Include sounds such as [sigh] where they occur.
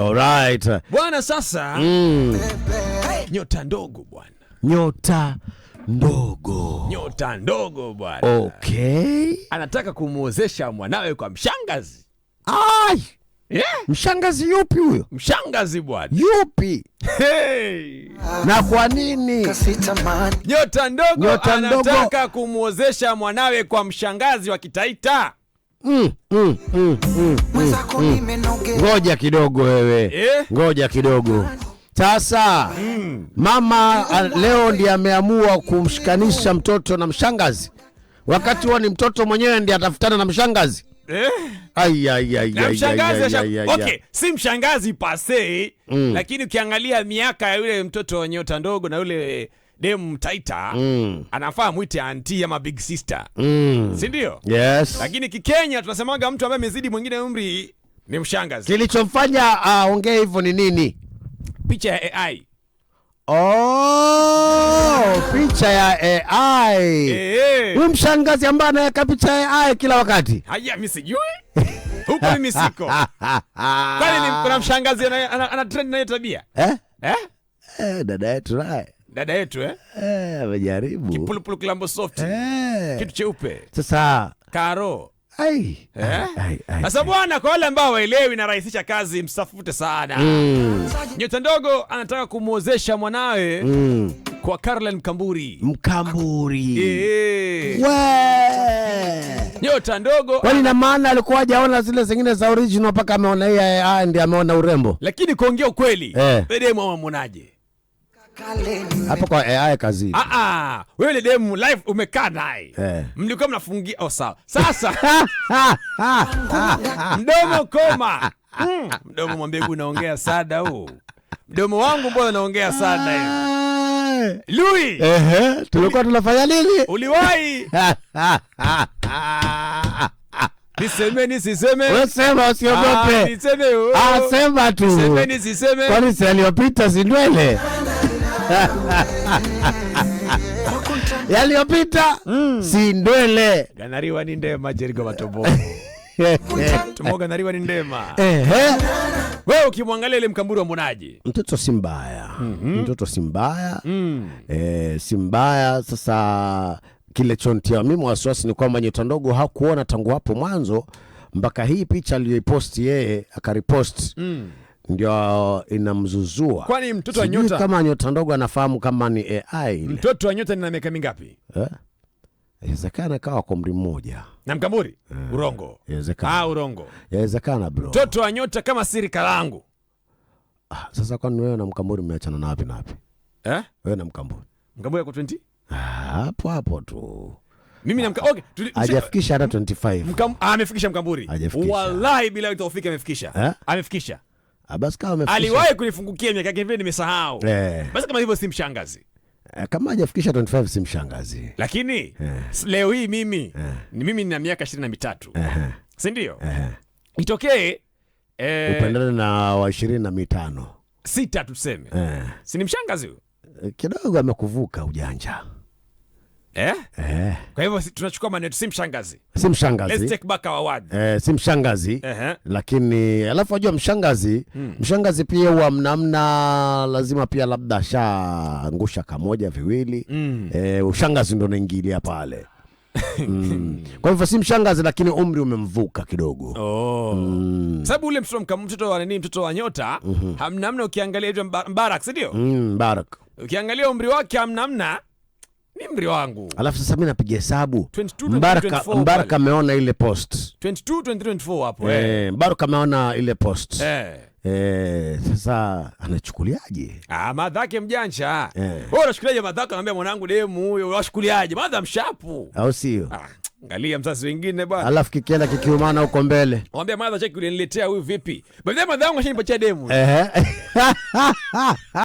Alright. Bwana sasa mm. Nyota ndogo bwana. Nyota ndogo. Nyota ndogo bwana. Okay. Anataka kumwozesha mwanawe kwa mshangazi. Ai. Yeah. Mshangazi yupi huyo? Mshangazi bwana. Yupi? Hey. Na kwa nini? Nyota ndogo Nyota anataka kumwozesha mwanawe kwa mshangazi wa Kitaita. Mm, mm, mm, Ngoja kidogo wewe eh? Ngoja kidogo sasa Mama leo ndiye ameamua kumshikanisha mtoto na mshangazi, wakati huo ni mtoto mwenyewe ndiye atafutana na mshangazi Si mshangazi pase Lakini ukiangalia miaka ya yule mtoto wa nyota ndogo na yule dem Taita mm. anafaa mwite anti ama big sister mm. si ndio? Yes. Lakini kikenya tunasemaga mtu ambaye amezidi mwingine umri ni mshangazi. Kilichomfanya ah, aongee uh, hivyo ni nini? Picha ya AI. Oh, picha ya AI. Eh. Huyu mshangazi ambaye anaweka picha ya AI kila wakati. Haya, mimi sijui. Huko mimi siko. Kwani ni kuna mshangazi ana, ana, ana trend nayo tabia? Eh? Eh? Eh, dada yetu naye dada yetu eh? Eh, amejaribu kipulupulu kilambo soft eh, kitu cheupe sasa karo eh? sasa bwana, kwa wale ambao waelewi narahisisha kazi, msafute sana mm. Nyota Ndogo anataka kumwozesha mwanawe mm. kwa Caroline Mkamburi Mkamburi eh. Nyota Ndogo kwani na maana alikuwa hajaona zile zingine za original mpaka ameona hii, ah, ndio ameona urembo, lakini kuongea ukweli eh. Bedemu ama hapo kwa AI kazi. Ah ah, wewe ile demu live umekaa naye. Eh. Mlikuwa mnafungia oh sawa. Sasa [laughs] mdomo koma. Hmm. mdomo mwambie huyu naongea sada huu. Mdomo wangu mbona naongea sada hivi? Eh. Lui. Ehe, tulikuwa tunafanya nini? Uliwahi. Niseme nisiseme. Wewe sema usiogope. Ah, niseme. Oh. Ah, sema tu. Niseme nisiseme. Kwani si aliyopita si ndwele? [laughs] yaliyopita mm. si ndwele ganariwa ni ndema Jericho Matobo [laughs] tumoganariwa ni ndema we ukimwangalia ile mkamburi wa mbonaji mtoto si mbaya mm -hmm. mtoto si mbaya mm. e, si mbaya sasa kile chontia mimi wasiwasi ni kwamba nyota ndogo hakuona tangu hapo mwanzo mpaka hii picha aliyoiposti yeye akariposti mm ndio inamzuzua. Kwani mtoto wa nyota kama nyota ndogo anafahamu kama ni AI Mtoto wa nyota nina miaka mingapi? Eh? Inawezekana kawa kwa umri mmoja. Na mkamburi? Eh, urongo. Inawezekana. Ah, urongo. Inawezekana bro. Mtoto wa nyota kama siri kalangu. Ah, sasa kwani wewe na mkamburi mmeachana na wapi na wapi? Eh? Wewe na mkamburi. Mkamburi yako 20? Ah, hapo hapo tu. Mimi namka okay, tuli, hajafikisha hata 25. Mkam, ah, amefikisha mkamburi. Wallahi bila utafika amefikisha. Eh? Amefikisha basi kama amefikisha, aliwahi kunifungukia miaka yake nimesahau. Eh. Basi kama hivyo si mshangazi eh, kama hajafikisha 25 si mshangazi, lakini yeah. Leo hii mimi yeah. ni mimi nina miaka ishirini na mitatu si ndio? uh Itokee eh, upendane na wa ishirini na mitano sita tuseme, uh si ni mshangazi eh, Kidogo amekuvuka ujanja. Eh? Eh. Kwa hivyo tunachukua maneno si mshangazi. Si mshangazi. Let's take back our word. Eh, si mshangazi. Uh -huh. Lakini alafu wajua mshangazi, hmm. Mshangazi pia huwa mnamna lazima pia labda shaangusha kamoja viwili. Hmm. Eh, ushangazi ndo naingilia pale. [laughs] Mm. Kwa hivyo si mshangazi lakini umri umemvuka kidogo. Oh. Mm. Sababu ule mtoto mtoto wa nini mtoto wa nyota, mm -hmm. Hamnamna ukiangalia hiyo Mbarak, si ndio? Mm, Mbarak. Ukiangalia umri wake hamnamna ni mri wangu. Alafu sasa mi napiga hesabu. Mbaraka ameona ile post 22 23 24 hapo eh. eh. Mbaraka ameona ile post eh. Eh, sasa anachukuliaje? Ah, madhake mjanja. Eh. Wewe eh, unashukuliaje madhaka? Anambia mwanangu demu huyo, unashukuliaje? Madha mshapu. Au sio? Ah. Angalia mzazi wengine bwana. Alafu kikienda kikiumana huko mbele. Mwambie madha cheki uliniletea huyu vipi? Baadaye madha wangu ashanipatia demu. Eh. [laughs]